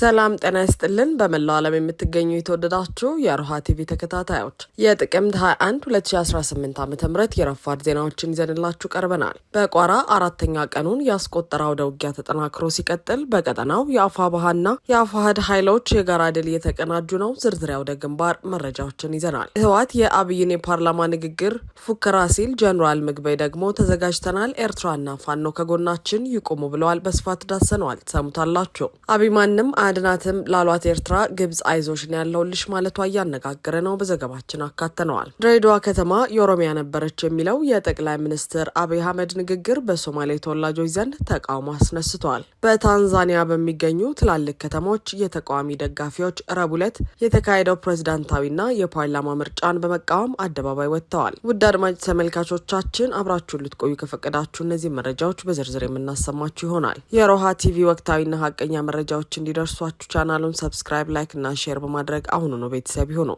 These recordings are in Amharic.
ሰላም ጤና ይስጥልን። በመላው ዓለም የምትገኙ የተወደዳችሁ የሮሃ ቲቪ ተከታታዮች የጥቅምት 21 2018 ዓ ም የረፋድ ዜናዎችን ይዘንላችሁ ቀርበናል። በቋራ አራተኛ ቀኑን ያስቆጠረ አውደ ውጊያ ተጠናክሮ ሲቀጥል በቀጠናው የአፋ ባሃና የአፋህድ ኃይሎች የጋራ ድል እየተቀናጁ ነው። ዝርዝር አውደ ግንባር መረጃዎችን ይዘናል። ህወሓት የአብይን የፓርላማ ንግግር ፉከራ ሲል ጀኔራል ምግበይ ደግሞ ተዘጋጅተናል፣ ኤርትራና ፋኖ ከጎናችን ይቆሙ ብለዋል። በስፋት ዳሰነዋል። ሰሙታላችሁ አብይ ማንም አድናትም ላሏት ኤርትራ ግብጽ አይዞሽን ያለውልሽ ማለቷ እያነጋገረ ነው። በዘገባችን አካተነዋል። ድሬዳዋ ከተማ የኦሮሚያ ነበረች የሚለው የጠቅላይ ሚኒስትር አብይ አህመድ ንግግር በሶማሌ ተወላጆች ዘንድ ተቃውሞ አስነስቷል። በታንዛኒያ በሚገኙ ትላልቅ ከተሞች የተቃዋሚ ደጋፊዎች ረቡዕ ዕለት የተካሄደው ፕሬዝዳንታዊና የፓርላማ ምርጫን በመቃወም አደባባይ ወጥተዋል። ውድ አድማጭ ተመልካቾቻችን አብራችሁን ልትቆዩ ከፈቀዳችሁ እነዚህ መረጃዎች በዝርዝር የምናሰማችሁ ይሆናል። የሮሃ ቲቪ ወቅታዊና ሀቀኛ መረጃዎች እንዲደርሱ እንዲደርሷችሁ ቻናሉን ሰብስክራይብ፣ ላይክ እና ሼር በማድረግ አሁኑ ነው ቤተሰብ ይሁኑ።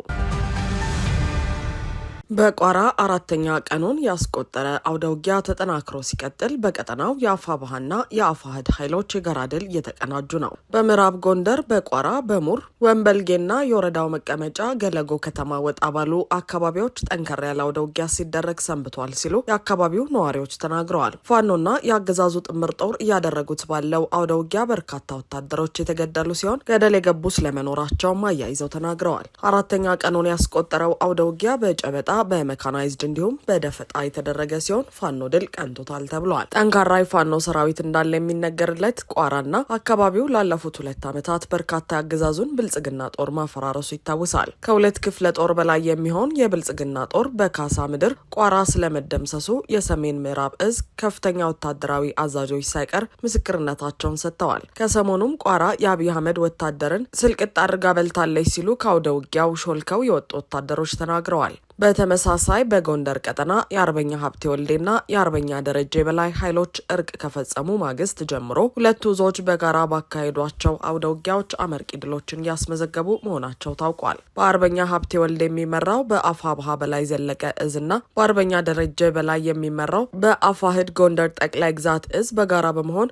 በቋራ አራተኛ ቀኑን ያስቆጠረ አውደውጊያ ተጠናክሮ ሲቀጥል በቀጠናው የአፋ የአፋባሃና የአፋህድ ኃይሎች የጋራ ድል እየተቀናጁ ነው። በምዕራብ ጎንደር በቋራ በሙር ወንበልጌና የወረዳው መቀመጫ ገለጎ ከተማ ወጣ ባሉ አካባቢዎች ጠንከር ያለ አውደውጊያ ሲደረግ ሰንብቷል ሲሉ የአካባቢው ነዋሪዎች ተናግረዋል። ፋኖና የአገዛዙ ጥምር ጦር እያደረጉት ባለው አውደውጊያ በርካታ ወታደሮች የተገደሉ ሲሆን ገደል የገቡ ስለመኖራቸውም አያይዘው ተናግረዋል። አራተኛ ቀኑን ያስቆጠረው አውደውጊያ በጨበጣ በመካናይዝድ እንዲሁም በደፈጣ የተደረገ ሲሆን ፋኖ ድል ቀንቶታል ተብሏል። ጠንካራ የፋኖ ሰራዊት እንዳለ የሚነገርለት ቋራና አካባቢው ላለፉት ሁለት ዓመታት በርካታ ያገዛዙን ብልጽግና ጦር ማፈራረሱ ይታወሳል። ከሁለት ክፍለ ጦር በላይ የሚሆን የብልጽግና ጦር በካሳ ምድር ቋራ ስለመደምሰሱ የሰሜን ምዕራብ እዝ ከፍተኛ ወታደራዊ አዛዦች ሳይቀር ምስክርነታቸውን ሰጥተዋል። ከሰሞኑም ቋራ የአብይ አህመድ ወታደርን ስልቅጥ አድርጋ በልታለች ሲሉ ከአውደ ውጊያው ሾልከው የወጡ ወታደሮች ተናግረዋል። በተመሳሳይ በጎንደር ቀጠና የአርበኛ ሀብቴ ወልዴና የአርበኛ ደረጀ የበላይ ኃይሎች እርቅ ከፈጸሙ ማግስት ጀምሮ ሁለቱ እዞች በጋራ ባካሄዷቸው አውደ ውጊያዎች አመርቂ ድሎችን እያስመዘገቡ መሆናቸው ታውቋል። በአርበኛ ሀብቴ ወልዴ የሚመራው ባሃ በላይ ዘለቀ እዝና በአርበኛ ደረጀ በላይ የሚመራው በአፋህድ ጎንደር ጠቅላይ ግዛት እዝ በጋራ በመሆን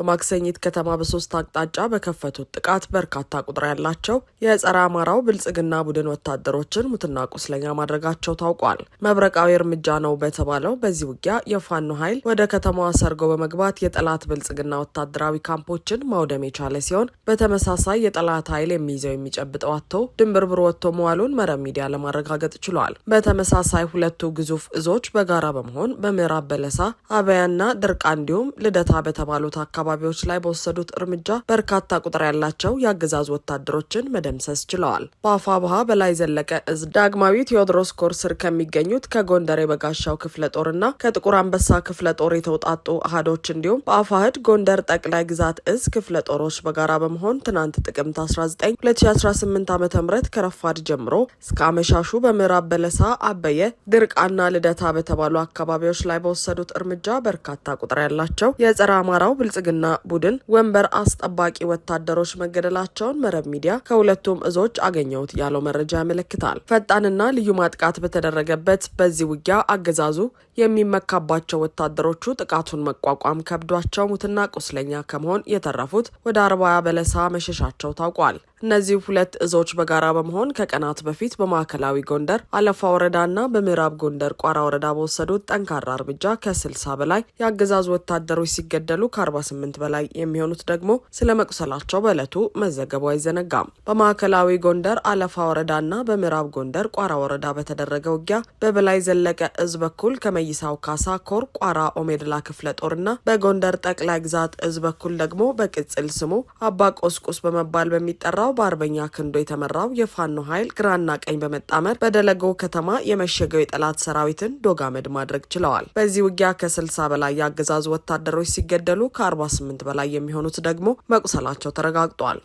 በማክሰኝት ከተማ በሶስት አቅጣጫ በከፈቱት ጥቃት በርካታ ቁጥር ያላቸው የጸረ አማራው ብልጽግና ቡድን ወታደሮችን ሙትና ቁስለኛ ማድረጋቸው ታውቋል። መብረቃዊ እርምጃ ነው በተባለው በዚህ ውጊያ የፋኖ ኃይል ወደ ከተማዋ ሰርጎ በመግባት የጠላት ብልጽግና ወታደራዊ ካምፖችን ማውደም የቻለ ሲሆን በተመሳሳይ የጠላት ኃይል የሚይዘው የሚጨብጠው አቶ ድንብርብር ወጥቶ መዋሉን መረብ ሚዲያ ለማረጋገጥ ችሏል። በተመሳሳይ ሁለቱ ግዙፍ እዞች በጋራ በመሆን በምዕራብ በለሳ አበያና ድርቃ እንዲሁም ልደታ በተባሉት አካባቢ አካባቢዎች ላይ በወሰዱት እርምጃ በርካታ ቁጥር ያላቸው የአገዛዙ ወታደሮችን መደምሰስ ችለዋል። በአፋ ባሃ በላይ ዘለቀ እዝ ዳግማዊ ቴዎድሮስ ኮር ስር ከሚገኙት ከጎንደር የበጋሻው ክፍለ ጦርና ከጥቁር አንበሳ ክፍለ ጦር የተውጣጡ አህዶች እንዲሁም በአፋህድ ጎንደር ጠቅላይ ግዛት እዝ ክፍለ ጦሮች በጋራ በመሆን ትናንት ጥቅምት 19 2018 ዓ ም ከረፋድ ጀምሮ እስከ አመሻሹ በምዕራብ በለሳ፣ አበየ፣ ድርቃና ልደታ በተባሉ አካባቢዎች ላይ በወሰዱት እርምጃ በርካታ ቁጥር ያላቸው የጸረ አማራው ብልጽግ ብልጽግና ቡድን ወንበር አስጠባቂ ወታደሮች መገደላቸውን መረብ ሚዲያ ከሁለቱም እዞች አገኘሁት ያለው መረጃ ያመለክታል። ፈጣንና ልዩ ማጥቃት በተደረገበት በዚህ ውጊያ አገዛዙ የሚመካባቸው ወታደሮቹ ጥቃቱን መቋቋም ከብዷቸው ሙትና ቁስለኛ ከመሆን የተረፉት ወደ አርባ በለሳ መሸሻቸው ታውቋል። እነዚህ ሁለት እዞች በጋራ በመሆን ከቀናት በፊት በማዕከላዊ ጎንደር አለፋ ወረዳና በምዕራብ ጎንደር ቋራ ወረዳ በወሰዱት ጠንካራ እርምጃ ከ60 በላይ የአገዛዙ ወታደሮች ሲገደሉ ከ48 በላይ የሚሆኑት ደግሞ ስለ መቁሰላቸው በዕለቱ መዘገቡ አይዘነጋም። በማዕከላዊ ጎንደር አለፋ ወረዳና በምዕራብ ጎንደር ቋራ ወረዳ በተደረገ ውጊያ በበላይ ዘለቀ እዝ በኩል ከመይሳው ካሳ ኮር ቋራ ኦሜድላ ክፍለ ጦርና በጎንደር ጠቅላይ ግዛት እዝ በኩል ደግሞ በቅጽል ስሙ አባ ቆስቁስ በመባል በሚጠራው በመጣው በአርበኛ ክንዶ የተመራው የፋኖ ኃይል ግራና ቀኝ በመጣመር በደለጎ ከተማ የመሸገው የጠላት ሰራዊትን ዶጋመድ ማድረግ ችለዋል። በዚህ ውጊያ ከስልሳ በላይ የአገዛዙ ወታደሮች ሲገደሉ ከ48 በላይ የሚሆኑት ደግሞ መቁሰላቸው ተረጋግጧል።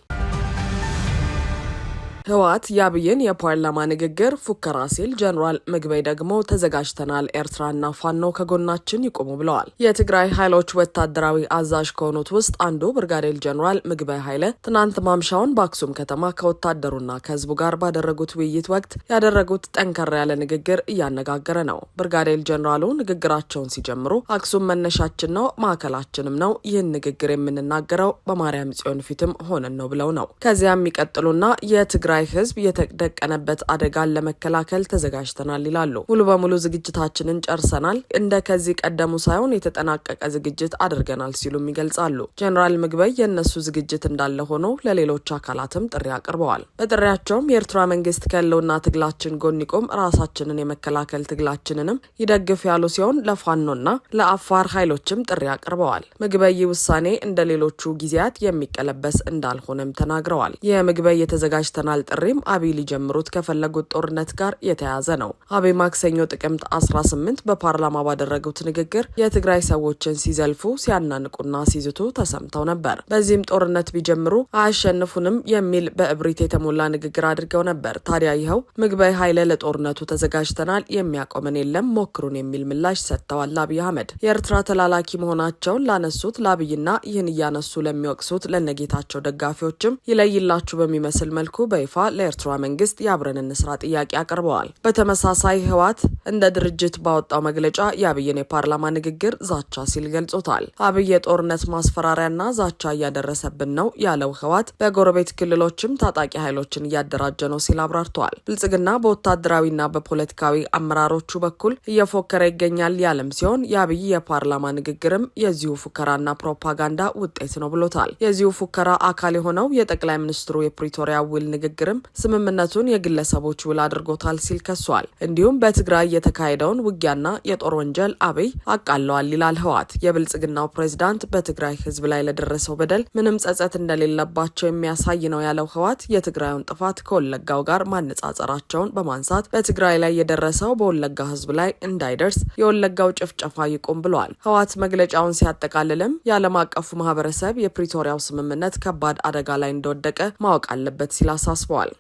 ህወሓት የአብይን የፓርላማ ንግግር ፉከራ ሲል ጀኔራል ምግበይ ደግሞ ተዘጋጅተናል፣ ኤርትራና ፋኖ ከጎናችን ይቆሙ ብለዋል። የትግራይ ኃይሎች ወታደራዊ አዛዥ ከሆኑት ውስጥ አንዱ ብርጋዴር ጀኔራል ምግበይ ኃይለ ትናንት ማምሻውን በአክሱም ከተማ ከወታደሩና ከህዝቡ ጋር ባደረጉት ውይይት ወቅት ያደረጉት ጠንከር ያለ ንግግር እያነጋገረ ነው። ብርጋዴር ጀኔራሉ ንግግራቸውን ሲጀምሩ አክሱም መነሻችን ነው ማዕከላችንም ነው፣ ይህን ንግግር የምንናገረው በማርያም ጽዮን ፊትም ሆነን ነው ብለው ነው። ከዚያ የሚቀጥሉና የትግራይ የትግራይ ህዝብ የተደቀነበት አደጋን ለመከላከል ተዘጋጅተናል ይላሉ። ሙሉ በሙሉ ዝግጅታችንን ጨርሰናል፣ እንደ ከዚህ ቀደሙ ሳይሆን የተጠናቀቀ ዝግጅት አድርገናል ሲሉም ይገልጻሉ። ጀኔራል ምግበይ የእነሱ ዝግጅት እንዳለ ሆኖ ለሌሎች አካላትም ጥሪ አቅርበዋል። በጥሪያቸውም የኤርትራ መንግስት ከህልውና ትግላችን ጎን ይቆም፣ ራሳችንን የመከላከል ትግላችንንም ይደግፍ ያሉ ሲሆን ለፋኖና ለአፋር ኃይሎችም ጥሪ አቅርበዋል። ምግበይ ውሳኔ እንደ ሌሎቹ ጊዜያት የሚቀለበስ እንዳልሆነም ተናግረዋል። የምግበይ የተዘጋጅተናል ጥሪም አብይ ሊጀምሩት ከፈለጉት ጦርነት ጋር የተያያዘ ነው። አብይ ማክሰኞ ጥቅምት 18 በፓርላማ ባደረጉት ንግግር የትግራይ ሰዎችን ሲዘልፉ፣ ሲያናንቁና ሲዝቱ ተሰምተው ነበር። በዚህም ጦርነት ቢጀምሩ አያሸንፉንም የሚል በእብሪት የተሞላ ንግግር አድርገው ነበር። ታዲያ ይኸው ምግበይ ኃይለ ለጦርነቱ ተዘጋጅተናል፣ የሚያቆመን የለም፣ ሞክሩን የሚል ምላሽ ሰጥተዋል። አብይ አህመድ የኤርትራ ተላላኪ መሆናቸውን ላነሱት ለአብይና ይህን እያነሱ ለሚወቅሱት ለነጌታቸው ደጋፊዎችም ይለይላችሁ በሚመስል መልኩ በይፋ በይፋ ለኤርትራ መንግስት የአብረን እንስራ ጥያቄ አቅርበዋል። በተመሳሳይ ህወሓት እንደ ድርጅት ባወጣው መግለጫ የአብይን የፓርላማ ንግግር ዛቻ ሲል ገልጾታል። አብይ የጦርነት ማስፈራሪያና ዛቻ እያደረሰብን ነው ያለው ህወሓት በጎረቤት ክልሎችም ታጣቂ ኃይሎችን እያደራጀ ነው ሲል አብራርተዋል። ብልጽግና በወታደራዊና በፖለቲካዊ አመራሮቹ በኩል እየፎከረ ይገኛል ያለም ሲሆን የአብይ የፓርላማ ንግግርም የዚሁ ፉከራና ፕሮፓጋንዳ ውጤት ነው ብሎታል። የዚሁ ፉከራ አካል የሆነው የጠቅላይ ሚኒስትሩ የፕሪቶሪያ ውል ንግግር ንግግርም ስምምነቱን የግለሰቦች ውል አድርጎታል ሲል ከሷል። እንዲሁም በትግራይ የተካሄደውን ውጊያና የጦር ወንጀል አብይ አቃለዋል ይላል ህወሓት። የብልጽግናው ፕሬዚዳንት በትግራይ ህዝብ ላይ ለደረሰው በደል ምንም ጸጸት እንደሌለባቸው የሚያሳይ ነው ያለው ህወሓት የትግራዩን ጥፋት ከወለጋው ጋር ማነጻጸራቸውን በማንሳት በትግራይ ላይ የደረሰው በወለጋ ህዝብ ላይ እንዳይደርስ የወለጋው ጭፍጨፋ ይቁም ብለዋል። ህወሓት መግለጫውን ሲያጠቃልልም የዓለም አቀፉ ማህበረሰብ የፕሪቶሪያው ስምምነት ከባድ አደጋ ላይ እንደወደቀ ማወቅ አለበት ሲል አሳስ Oswald.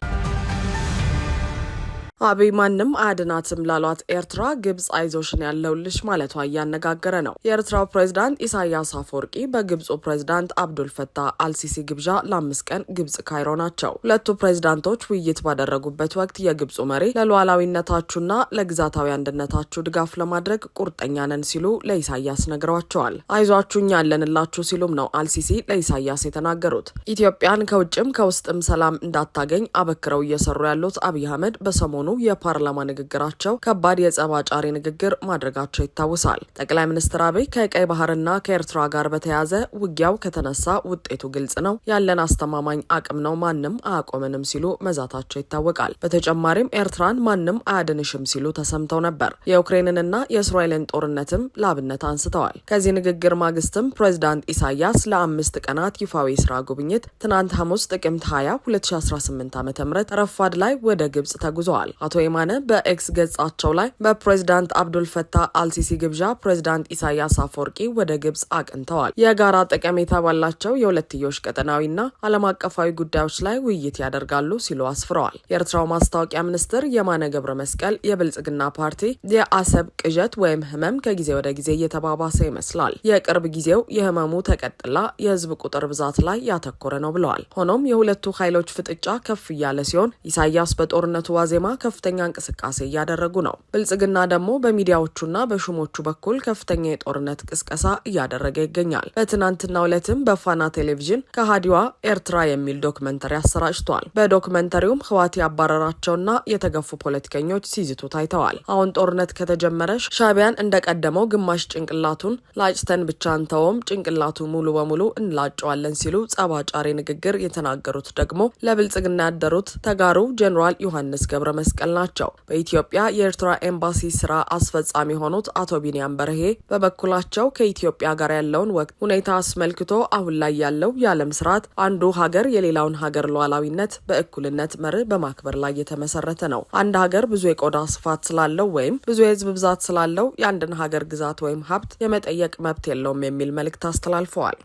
አብይ ማንም አያድናትም ላሏት ኤርትራ ግብጽ አይዞሽን ያለውልሽ ማለቷ እያነጋገረ ነው። የኤርትራው ፕሬዚዳንት ኢሳያስ አፈወርቂ በግብፁ ፕሬዚዳንት አብዱልፈታ አልሲሲ ግብዣ ለአምስት ቀን ግብጽ ካይሮ ናቸው። ሁለቱ ፕሬዚዳንቶች ውይይት ባደረጉበት ወቅት የግብፁ መሪ ለሉዓላዊነታችሁና ለግዛታዊ አንድነታችሁ ድጋፍ ለማድረግ ቁርጠኛ ነን ሲሉ ለኢሳያስ ነግረዋቸዋል። አይዟችሁ እኛ ያለንላችሁ ሲሉም ነው አልሲሲ ለኢሳያስ የተናገሩት። ኢትዮጵያን ከውጭም ከውስጥም ሰላም እንዳታገኝ አበክረው እየሰሩ ያሉት አብይ አህመድ በሰሞኑ በሰሞኑ የፓርላማ ንግግራቸው ከባድ የጸብ አጫሪ ንግግር ማድረጋቸው ይታወሳል። ጠቅላይ ሚኒስትር አብይ ከቀይ ባህርና ከኤርትራ ጋር በተያያዘ ውጊያው ከተነሳ ውጤቱ ግልጽ ነው፣ ያለን አስተማማኝ አቅም ነው፣ ማንም አያቆመንም ሲሉ መዛታቸው ይታወቃል። በተጨማሪም ኤርትራን ማንም አያድንሽም ሲሉ ተሰምተው ነበር። የዩክሬንንና የእስራኤልን ጦርነትም ለአብነት አንስተዋል። ከዚህ ንግግር ማግስትም ፕሬዚዳንት ኢሳያስ ለአምስት ቀናት ይፋዊ ስራ ጉብኝት ትናንት ሐሙስ ጥቅምት 20 2018 ዓ ም ረፋድ ላይ ወደ ግብጽ ተጉዘዋል። አቶ የማነ በኤክስ ገጻቸው ላይ በፕሬዚዳንት አብዱልፈታህ አልሲሲ ግብዣ ፕሬዚዳንት ኢሳያስ አፈወርቂ ወደ ግብጽ አቅንተዋል። የጋራ ጠቀሜታ ባላቸው የሁለትዮሽ ቀጠናዊና ዓለም አቀፋዊ ጉዳዮች ላይ ውይይት ያደርጋሉ ሲሉ አስፍረዋል። የኤርትራው ማስታወቂያ ሚኒስትር የማነ ገብረ መስቀል የብልጽግና ፓርቲ የአሰብ ቅዠት ወይም ህመም ከጊዜ ወደ ጊዜ እየተባባሰ ይመስላል፣ የቅርብ ጊዜው የህመሙ ተቀጥላ የህዝብ ቁጥር ብዛት ላይ ያተኮረ ነው ብለዋል። ሆኖም የሁለቱ ኃይሎች ፍጥጫ ከፍ እያለ ሲሆን ኢሳያስ በጦርነቱ ዋዜማ ከፍተኛ እንቅስቃሴ እያደረጉ ነው። ብልጽግና ደግሞ በሚዲያዎቹና በሹሞቹ በኩል ከፍተኛ የጦርነት ቅስቀሳ እያደረገ ይገኛል። በትናንትናው ዕለትም በፋና ቴሌቪዥን ከሃዲዋ ኤርትራ የሚል ዶክመንተሪ አሰራጭቷል። በዶክመንተሪውም ህዋት ያባረራቸውና የተገፉ ፖለቲከኞች ሲዝቱ ታይተዋል። አሁን ጦርነት ከተጀመረ ሻቢያን እንደቀደመው ግማሽ ጭንቅላቱን ላጭተን ብቻ አንተውም፣ ጭንቅላቱ ሙሉ በሙሉ እንላጨዋለን ሲሉ ጸባጫሪ ንግግር የተናገሩት ደግሞ ለብልጽግና ያደሩት ተጋሩ ጀኔራል ዮሐንስ ገብረ መስቀል መስቀል ናቸው። በኢትዮጵያ የኤርትራ ኤምባሲ ስራ አስፈጻሚ የሆኑት አቶ ቢንያም በርሄ በበኩላቸው ከኢትዮጵያ ጋር ያለውን ወቅት ሁኔታ አስመልክቶ አሁን ላይ ያለው የዓለም ስርዓት አንዱ ሀገር የሌላውን ሀገር ሉዓላዊነት በእኩልነት መርህ በማክበር ላይ የተመሰረተ ነው። አንድ ሀገር ብዙ የቆዳ ስፋት ስላለው ወይም ብዙ የህዝብ ብዛት ስላለው የአንድን ሀገር ግዛት ወይም ሀብት የመጠየቅ መብት የለውም የሚል መልእክት አስተላልፈዋል።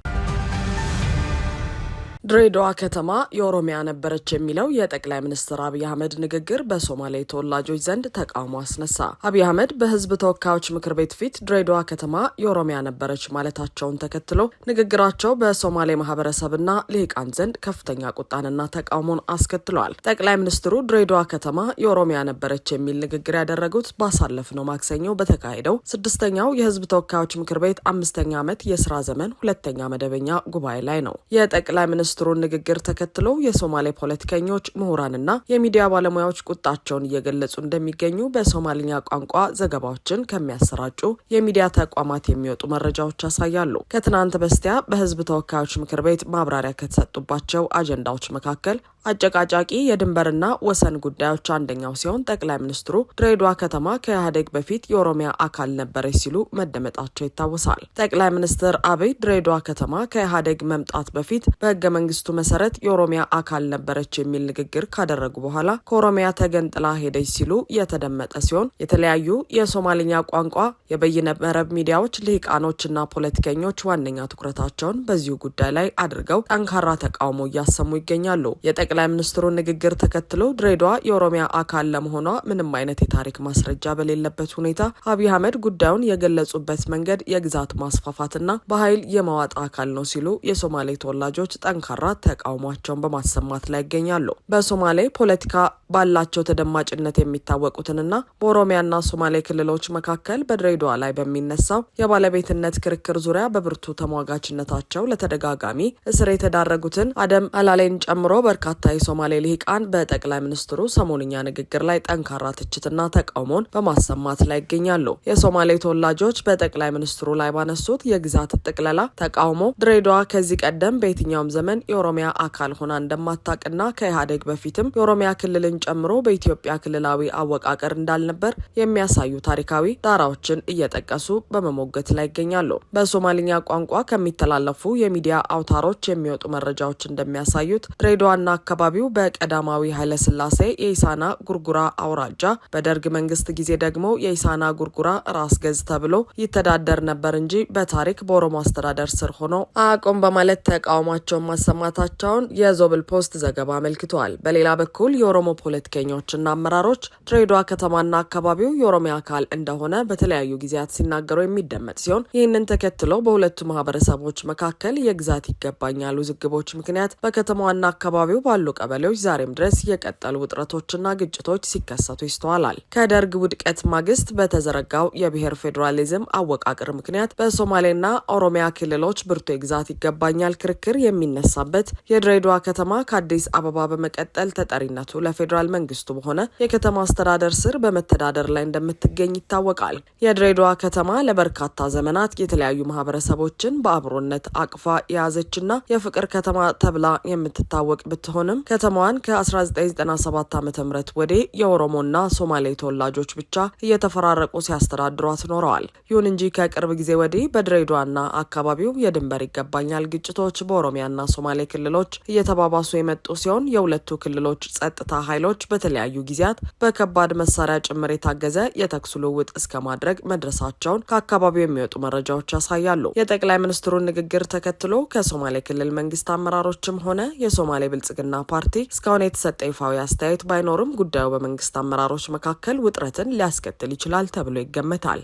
ድሬዳዋ ከተማ የኦሮሚያ ነበረች የሚለው የጠቅላይ ሚኒስትር አብይ አህመድ ንግግር በሶማሌ ተወላጆች ዘንድ ተቃውሞ አስነሳ። አብይ አህመድ በህዝብ ተወካዮች ምክር ቤት ፊት ድሬዳዋ ከተማ የኦሮሚያ ነበረች ማለታቸውን ተከትሎ ንግግራቸው በሶማሌ ማህበረሰብና ልሂቃን ዘንድ ከፍተኛ ቁጣንና ተቃውሞን አስከትለዋል። ጠቅላይ ሚኒስትሩ ድሬዳዋ ከተማ የኦሮሚያ ነበረች የሚል ንግግር ያደረጉት ባሳለፍነው ማክሰኞ በተካሄደው ስድስተኛው የህዝብ ተወካዮች ምክር ቤት አምስተኛ ዓመት የስራ ዘመን ሁለተኛ መደበኛ ጉባኤ ላይ ነው። የጠቅላይ ሚኒስትሩ የሚኒስትሩን ንግግር ተከትሎ የሶማሌ ፖለቲከኞች፣ ምሁራንና የሚዲያ ባለሙያዎች ቁጣቸውን እየገለጹ እንደሚገኙ በሶማሊኛ ቋንቋ ዘገባዎችን ከሚያሰራጩ የሚዲያ ተቋማት የሚወጡ መረጃዎች ያሳያሉ። ከትናንት በስቲያ በህዝብ ተወካዮች ምክር ቤት ማብራሪያ ከተሰጡባቸው አጀንዳዎች መካከል አጨቃጫቂ የድንበርና ወሰን ጉዳዮች አንደኛው ሲሆን ጠቅላይ ሚኒስትሩ ድሬዷ ከተማ ከኢህአዴግ በፊት የኦሮሚያ አካል ነበረች ሲሉ መደመጣቸው ይታወሳል። ጠቅላይ ሚኒስትር አብይ ድሬዷ ከተማ ከኢህአዴግ መምጣት በፊት በህገ መንግስቱ መሰረት የኦሮሚያ አካል ነበረች የሚል ንግግር ካደረጉ በኋላ ከኦሮሚያ ተገንጥላ ሄደች ሲሉ የተደመጠ ሲሆን የተለያዩ የሶማልኛ ቋንቋ የበይነ መረብ ሚዲያዎች ልሂቃኖችና ፖለቲከኞች ዋነኛ ትኩረታቸውን በዚሁ ጉዳይ ላይ አድርገው ጠንካራ ተቃውሞ እያሰሙ ይገኛሉ። የጠቅላይ ሚኒስትሩ ንግግር ተከትሎ ድሬዳዋ የኦሮሚያ አካል ለመሆኗ ምንም አይነት የታሪክ ማስረጃ በሌለበት ሁኔታ አብይ አህመድ ጉዳዩን የገለጹበት መንገድ የግዛት ማስፋፋትና በኃይል የማዋጣ አካል ነው ሲሉ የሶማሌ ተወላጆች ጠንካ ጠንካራ ተቃውሟቸውን በማሰማት ላይ ይገኛሉ። በሶማሌ ፖለቲካ ባላቸው ተደማጭነት የሚታወቁትንና በኦሮሚያና ሶማሌ ክልሎች መካከል በድሬዳዋ ላይ በሚነሳው የባለቤትነት ክርክር ዙሪያ በብርቱ ተሟጋችነታቸው ለተደጋጋሚ እስር የተዳረጉትን አደም አላሌን ጨምሮ በርካታ የሶማሌ ልሂቃን በጠቅላይ ሚኒስትሩ ሰሞንኛ ንግግር ላይ ጠንካራ ትችትና ተቃውሞን በማሰማት ላይ ይገኛሉ። የሶማሌ ተወላጆች በጠቅላይ ሚኒስትሩ ላይ ባነሱት የግዛት ጥቅለላ ተቃውሞ ድሬዳዋ ከዚህ ቀደም በየትኛውም ዘመን የኦሮሚያ አካል ሆና እንደማታውቅና ከኢህአዴግ በፊትም የኦሮሚያ ክልልን ጨምሮ በኢትዮጵያ ክልላዊ አወቃቀር እንዳልነበር የሚያሳዩ ታሪካዊ ዳራዎችን እየጠቀሱ በመሞገት ላይ ይገኛሉ። በሶማሊኛ ቋንቋ ከሚተላለፉ የሚዲያ አውታሮች የሚወጡ መረጃዎች እንደሚያሳዩት ድሬዳዋና አካባቢው በቀዳማዊ ኃይለስላሴ የኢሳና ጉርጉራ አውራጃ፣ በደርግ መንግስት ጊዜ ደግሞ የኢሳና ጉርጉራ ራስ ገዝ ተብሎ ይተዳደር ነበር እንጂ በታሪክ በኦሮሞ አስተዳደር ስር ሆኖ አቆም በማለት ተቃውሟቸውን ማሰማታቸውን የዞብል ፖስት ዘገባ አመልክቷል። በሌላ በኩል የኦሮሞ ፖለቲከኞችና አመራሮች ድሬዳዋ ከተማና አካባቢው የኦሮሚያ አካል እንደሆነ በተለያዩ ጊዜያት ሲናገሩ የሚደመጥ ሲሆን ይህንን ተከትሎ በሁለቱ ማህበረሰቦች መካከል የግዛት ይገባኛል ውዝግቦች ምክንያት በከተማዋና አካባቢው ባሉ ቀበሌዎች ዛሬም ድረስ የቀጠሉ ውጥረቶችና ግጭቶች ሲከሰቱ ይስተዋላል። ከደርግ ውድቀት ማግስት በተዘረጋው የብሔር ፌዴራሊዝም አወቃቀር ምክንያት በሶማሌና ኦሮሚያ ክልሎች ብርቱ የግዛት ይገባኛል ክርክር የሚነሳበት የድሬዳዋ ከተማ ከአዲስ አበባ በመቀጠል ተጠሪነቱ ለፌዴራል ፌዴራል መንግስቱ በሆነ የከተማ አስተዳደር ስር በመተዳደር ላይ እንደምትገኝ ይታወቃል። የድሬዳዋ ከተማ ለበርካታ ዘመናት የተለያዩ ማህበረሰቦችን በአብሮነት አቅፋ የያዘችና የፍቅር ከተማ ተብላ የምትታወቅ ብትሆንም ከተማዋን ከ1997 ዓ ም ወዲህ የኦሮሞና ሶማሌ ተወላጆች ብቻ እየተፈራረቁ ሲያስተዳድሯት ኖረዋል። ይሁን እንጂ ከቅርብ ጊዜ ወዲህ በድሬዳዋና አካባቢው የድንበር ይገባኛል ግጭቶች በኦሮሚያና ሶማሌ ክልሎች እየተባባሱ የመጡ ሲሆን የሁለቱ ክልሎች ጸጥታ ኃይሎች ኃይሎች በተለያዩ ጊዜያት በከባድ መሳሪያ ጭምር የታገዘ የተኩስ ልውውጥ እስከ ማድረግ መድረሳቸውን ከአካባቢው የሚወጡ መረጃዎች ያሳያሉ። የጠቅላይ ሚኒስትሩን ንግግር ተከትሎ ከሶማሌ ክልል መንግስት አመራሮችም ሆነ የሶማሌ ብልጽግና ፓርቲ እስካሁን የተሰጠ ይፋዊ አስተያየት ባይኖርም ጉዳዩ በመንግስት አመራሮች መካከል ውጥረትን ሊያስከትል ይችላል ተብሎ ይገመታል።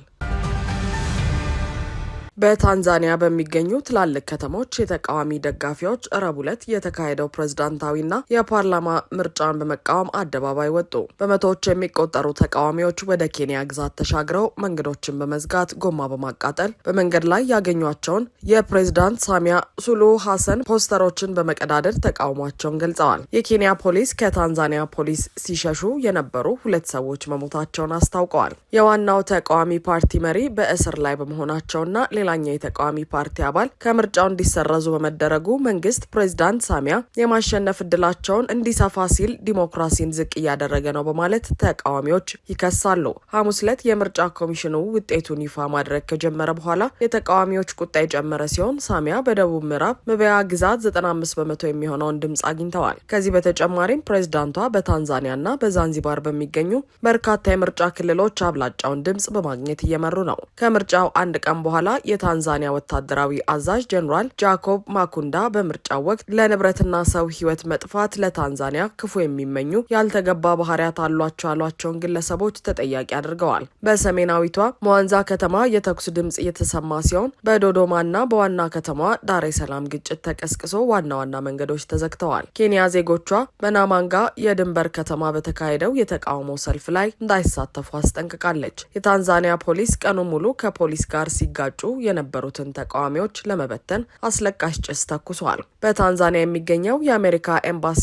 በታንዛኒያ በሚገኙ ትላልቅ ከተሞች የተቃዋሚ ደጋፊዎች ረቡዕ ዕለት የተካሄደው ፕሬዝዳንታዊና የፓርላማ ምርጫን በመቃወም አደባባይ ወጡ። በመቶዎች የሚቆጠሩ ተቃዋሚዎች ወደ ኬንያ ግዛት ተሻግረው መንገዶችን በመዝጋት ጎማ በማቃጠል በመንገድ ላይ ያገኟቸውን የፕሬዝዳንት ሳሚያ ሱሉሁ ሀሰን ፖስተሮችን በመቀዳደድ ተቃውሟቸውን ገልጸዋል። የኬንያ ፖሊስ ከታንዛኒያ ፖሊስ ሲሸሹ የነበሩ ሁለት ሰዎች መሞታቸውን አስታውቀዋል። የዋናው ተቃዋሚ ፓርቲ መሪ በእስር ላይ በመሆናቸውና ሌላኛው የተቃዋሚ ፓርቲ አባል ከምርጫው እንዲሰረዙ በመደረጉ መንግስት ፕሬዚዳንት ሳሚያ የማሸነፍ እድላቸውን እንዲሰፋ ሲል ዲሞክራሲን ዝቅ እያደረገ ነው በማለት ተቃዋሚዎች ይከሳሉ። ሐሙስ ዕለት የምርጫ ኮሚሽኑ ውጤቱን ይፋ ማድረግ ከጀመረ በኋላ የተቃዋሚዎች ቁጣ የጨመረ ሲሆን ሳሚያ በደቡብ ምዕራብ ምበያ ግዛት 95 በመቶ የሚሆነውን ድምፅ አግኝተዋል። ከዚህ በተጨማሪም ፕሬዚዳንቷ በታንዛኒያና በዛንዚባር በሚገኙ በርካታ የምርጫ ክልሎች አብላጫውን ድምፅ በማግኘት እየመሩ ነው። ከምርጫው አንድ ቀን በኋላ የ የታንዛኒያ ወታደራዊ አዛዥ ጀኔራል ጃኮብ ማኩንዳ በምርጫው ወቅት ለንብረትና ሰው ሕይወት መጥፋት ለታንዛኒያ ክፉ የሚመኙ ያልተገባ ባህሪያት አሏቸው ያሏቸውን ግለሰቦች ተጠያቂ አድርገዋል። በሰሜናዊቷ መዋንዛ ከተማ የተኩስ ድምጽ እየተሰማ ሲሆን በዶዶማና በዋና ከተማዋ ዳሬ ሰላም ግጭት ተቀስቅሶ ዋና ዋና መንገዶች ተዘግተዋል። ኬንያ ዜጎቿ በናማንጋ የድንበር ከተማ በተካሄደው የተቃውሞ ሰልፍ ላይ እንዳይሳተፉ አስጠንቅቃለች። የታንዛኒያ ፖሊስ ቀኑ ሙሉ ከፖሊስ ጋር ሲጋጩ የነበሩትን ተቃዋሚዎች ለመበተን አስለቃሽ ጭስ ተኩሷል። በታንዛኒያ የሚገኘው የአሜሪካ ኤምባሲ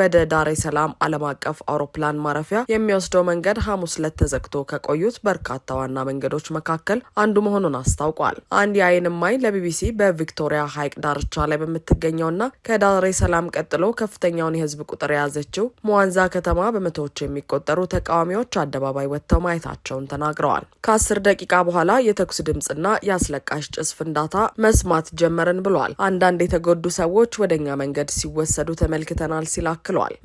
ወደ ዳሬ ሰላም ዓለም አቀፍ አውሮፕላን ማረፊያ የሚወስደው መንገድ ሐሙስ ዕለት ተዘግቶ ከቆዩት በርካታ ዋና መንገዶች መካከል አንዱ መሆኑን አስታውቋል። አንድ የዓይን እማኝ ለቢቢሲ በቪክቶሪያ ሐይቅ ዳርቻ ላይ በምትገኘውና ከዳሬ ሰላም ቀጥሎ ከፍተኛውን የህዝብ ቁጥር የያዘችው መዋንዛ ከተማ በመቶዎች የሚቆጠሩ ተቃዋሚዎች አደባባይ ወጥተው ማየታቸውን ተናግረዋል። ከአስር ደቂቃ በኋላ የተኩስ ድምፅና የአስለቃሽ ጭስ ፍንዳታ መስማት ጀመርን ብሏል። አንዳንድ የተጎዱ ሰዎች ወደኛ መንገድ ሲወሰዱ ተመልክተናል ሲል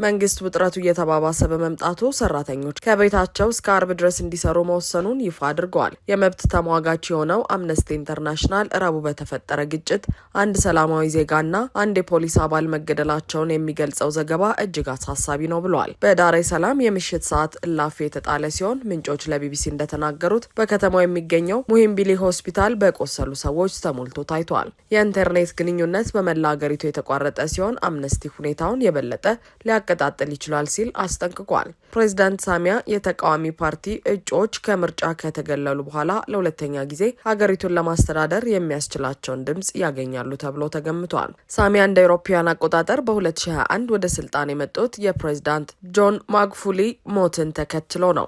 መንግስት ውጥረቱ እየተባባሰ በመምጣቱ ሰራተኞች ከቤታቸው እስከ አርብ ድረስ እንዲሰሩ መወሰኑን ይፋ አድርገዋል። የመብት ተሟጋች የሆነው አምነስቲ ኢንተርናሽናል ረቡ በተፈጠረ ግጭት አንድ ሰላማዊ ዜጋና አንድ የፖሊስ አባል መገደላቸውን የሚገልጸው ዘገባ እጅግ አሳሳቢ ነው ብሏል። በዳሬ ሰላም የምሽት ሰዓት እላፊ የተጣለ ሲሆን ምንጮች ለቢቢሲ እንደተናገሩት በከተማው የሚገኘው ሙሂምቢሊ ሆስፒታል መካከል በቆሰሉ ሰዎች ተሞልቶ ታይቷል። የኢንተርኔት ግንኙነት በመላ አገሪቱ የተቋረጠ ሲሆን አምነስቲ ሁኔታውን የበለጠ ሊያቀጣጥል ይችላል ሲል አስጠንቅቋል። ፕሬዚዳንት ሳሚያ የተቃዋሚ ፓርቲ እጩዎች ከምርጫ ከተገለሉ በኋላ ለሁለተኛ ጊዜ ሀገሪቱን ለማስተዳደር የሚያስችላቸውን ድምጽ ያገኛሉ ተብሎ ተገምቷል። ሳሚያ እንደ አውሮፓውያን አቆጣጠር በ2021 ወደ ስልጣን የመጡት የፕሬዚዳንት ጆን ማግፉሊ ሞትን ተከትሎ ነው።